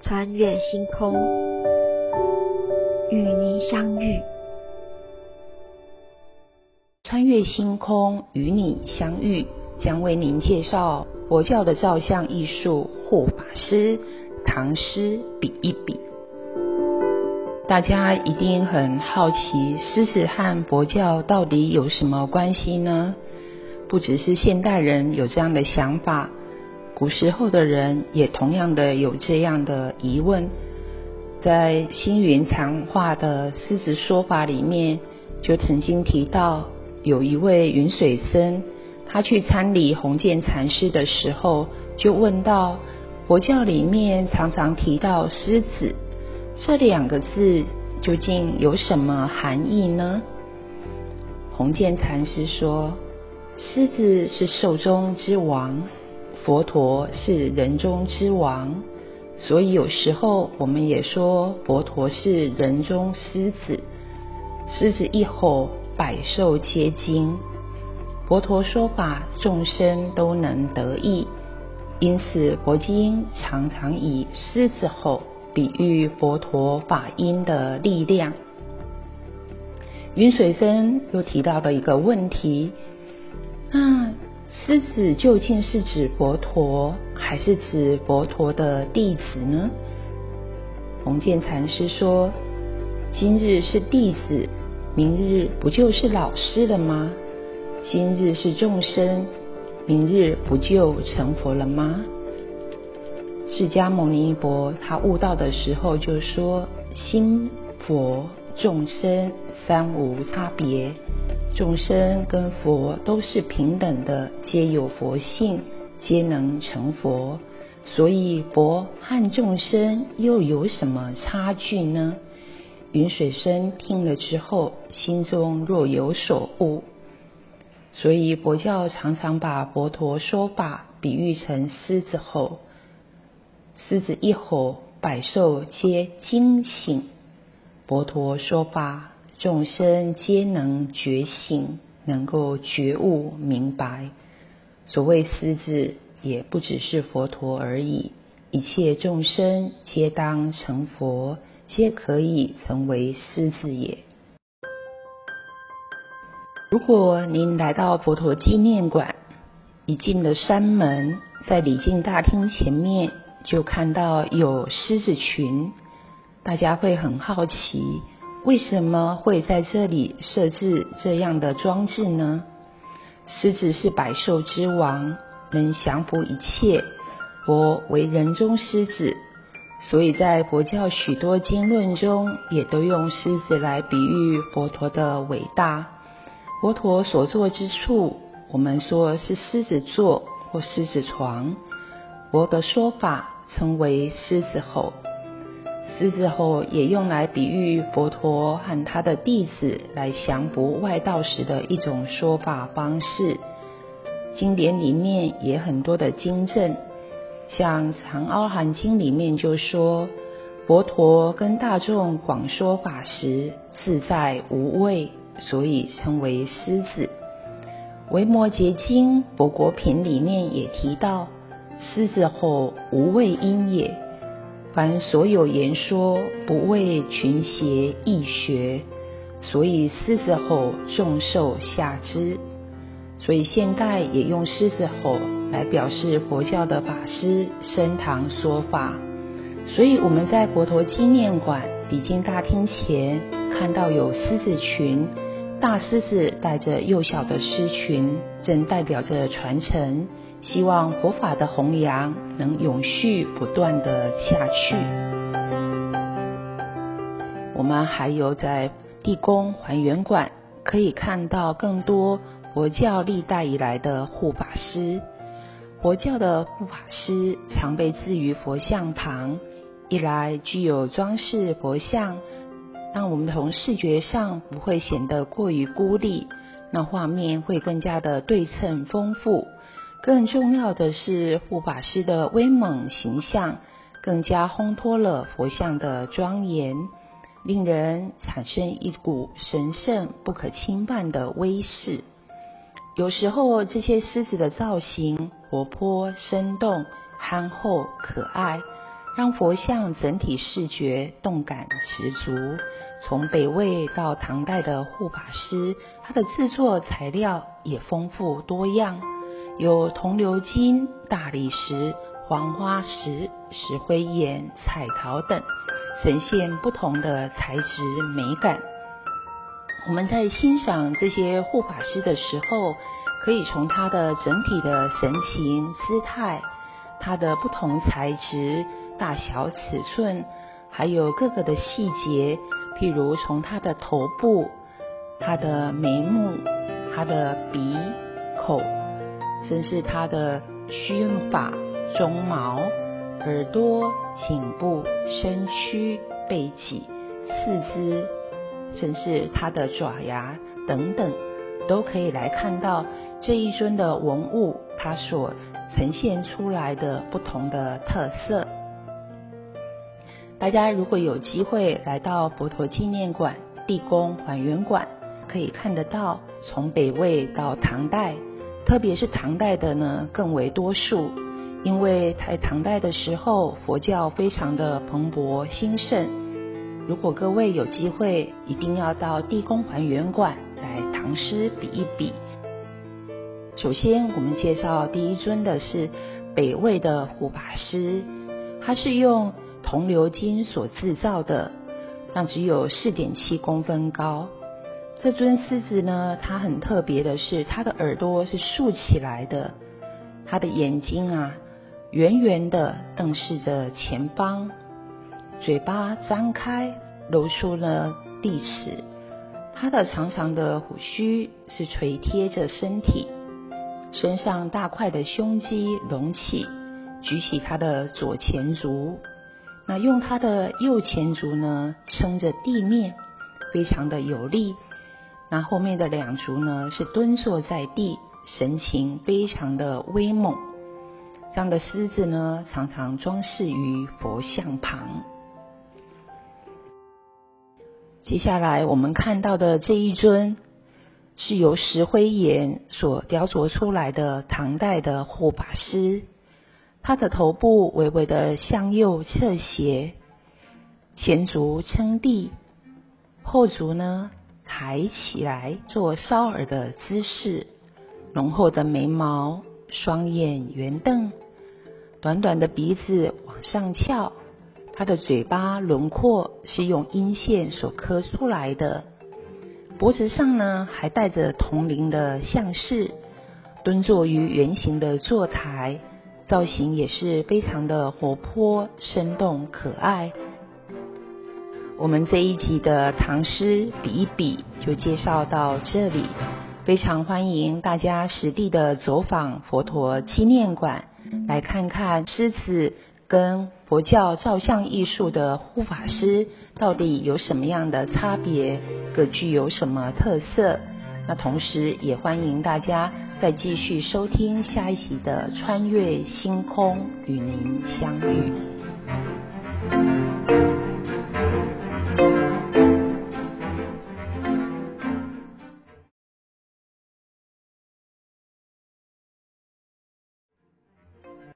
穿越星空，與您相遇。穿越星空與你相遇，將為您介紹佛教的造像藝術護法獅唐獅比一比。大家一定很好奇，獅子和佛教到底有什麼關係呢？不只是現代人有這樣的想法，古時候的人也同樣的有這樣的疑問。在星雲禪話的獅子說法裡面，就曾經提到有一位雲水僧，他去參禮弘見禪師的時候，就問到佛教裡面常常提到“獅子”這兩個字，究竟有什麼含義呢？弘見禪師說。獅子是獸中之王，佛陀是人中之王，所以有時候我們也說佛陀是人中獅子。獅子一吼，百獸皆驚；佛陀說法，眾生都能得益。因此，佛經常常以獅子吼比喻佛陀法音的力量。雲水僧又提到了一個問題。那獅子究竟是指佛陀，還是指佛陀的弟子呢？弘建禪師說：“今日是弟子，明日不就是老師了嗎？今日是眾生，明日不就成佛了嗎？”釋迦牟尼佛他悟道的時候就說：“心佛眾生三無差別。”眾生跟佛都是平等的，皆有佛性，皆能成佛。所以佛和眾生又有什麼差距呢？雲水僧聽了之後，心中若有所悟。所以佛教常常把佛陀說法比喻成獅子吼，獅子一吼，百獸皆驚醒。佛陀說法。眾生皆能覺醒，能夠覺悟明白。所謂獅子，也不只是佛陀而已，一切眾生皆當成佛，皆可以成為獅子也。如果您來到佛陀紀念館，一進了山門，在禮敬大廳前面，就看到有獅子群，大家會很好奇。為什麼會在這裡設置這樣的裝置呢？獅子是百獸之王，能降服一切。佛為人中獅子，所以在佛教許多經論中，也都用獅子來比喻佛陀的偉大。佛陀所坐之處，我們說是獅子座或獅子床。佛的說法稱為獅子吼。獅子吼也用來比喻佛陀和他的弟子來降伏外道時的一種說法方式。經典裡面也很多的經證，像《長阿含經》裡面就說，佛陀跟大眾廣說法時自在無畏，所以稱為獅子。《維摩詰經·佛國品》裡面也提到，獅子吼無畏音也。凡所有言說，不畏群邪異學，所以獅子吼眾獸下之，所以現代也用獅子吼來表示佛教的法師升堂說法。所以我們在佛陀紀念館禮敬大廳前看到有獅子群，大獅子帶着幼小的獅群，正代表着傳承。希望佛法的弘揚能永續不斷的下去。我們還有在地宮還原館可以看到更多佛教歷代以來的護法獅。佛教的護法獅常被置於佛像旁，一來具有裝飾佛像，讓我們從視覺上不會顯得過於孤立，那畫面會更加的對稱豐富。更重要的是，護法獅的威猛形象更加烘托了佛像的莊嚴，令人產生一股神聖不可侵犯的威勢。有時候，這些獅子的造型活潑、生動、憨厚、可愛，讓佛像整體視覺動感十足。從北魏到唐代的護法獅，他的制作材料也豐富多樣。有銅鎏金、大理石、黃花石、石灰岩、彩陶等，呈現不同的材質美感。我們在欣賞這些護法獅的時候，可以從他的整體的神情、姿態，他的不同材質、大小尺寸，還有各個的細節，譬如從他的頭部、他的眉目、他的鼻口。甚至它的鬚髮、鬃毛、耳朵、頸部、身軀、背脊、四肢，甚至它的爪牙等等，都可以來看到這一尊的文物它所呈現出來的不同的特色。大家如果有機會來到佛陀紀念館地宮還原館，可以看得到從北魏到唐代。特別是唐代的呢更為多數，因為在唐代的時候，佛教非常的蓬勃興盛。如果各位有機會，一定要到地宮還原館來唐獅比一比。首先，我們介紹第一尊的是北魏的護法獅，它是用銅鎏金所製造的，那只有四點七公分高。這尊獅子呢，它很特別的是，它的耳朵是豎起來的，它的眼睛啊，圓圓的瞪視着前方，嘴巴張開，露出了利齒，它的長長的鬍鬚是垂貼着身體，身上大塊的胸肌隆起，舉起它的左前足，那用它的右前足呢撐着地面，非常的有力。那後面的兩足呢，是蹲坐在地，神情非常的威猛。這樣的獅子呢，常常裝飾於佛像旁。接下來我們看到的這一尊，是由石灰岩所雕琢出來的唐代的護法獅，它的頭部微微的向右側斜，前足撐地，後足呢，抬起來做搔耳的姿勢，濃厚的眉毛，雙眼圓瞪，短短的鼻子往上翹，他的嘴巴輪廓是用陰線所刻出來的，脖子上呢還戴著銅鈴的項飾，蹲坐於圓形的坐台，造型也是非常的活潑、生動、可愛。我們這一集的唐獅比一比，就介紹到這裡，非常歡迎大家實地的走訪佛陀紀念館，來看看獅子跟佛教造像藝術的護法師到底有什麼樣的差別，各具有什麼特色。那同時也歡迎大家再繼續收聽下一集的《穿越星空與您相遇》。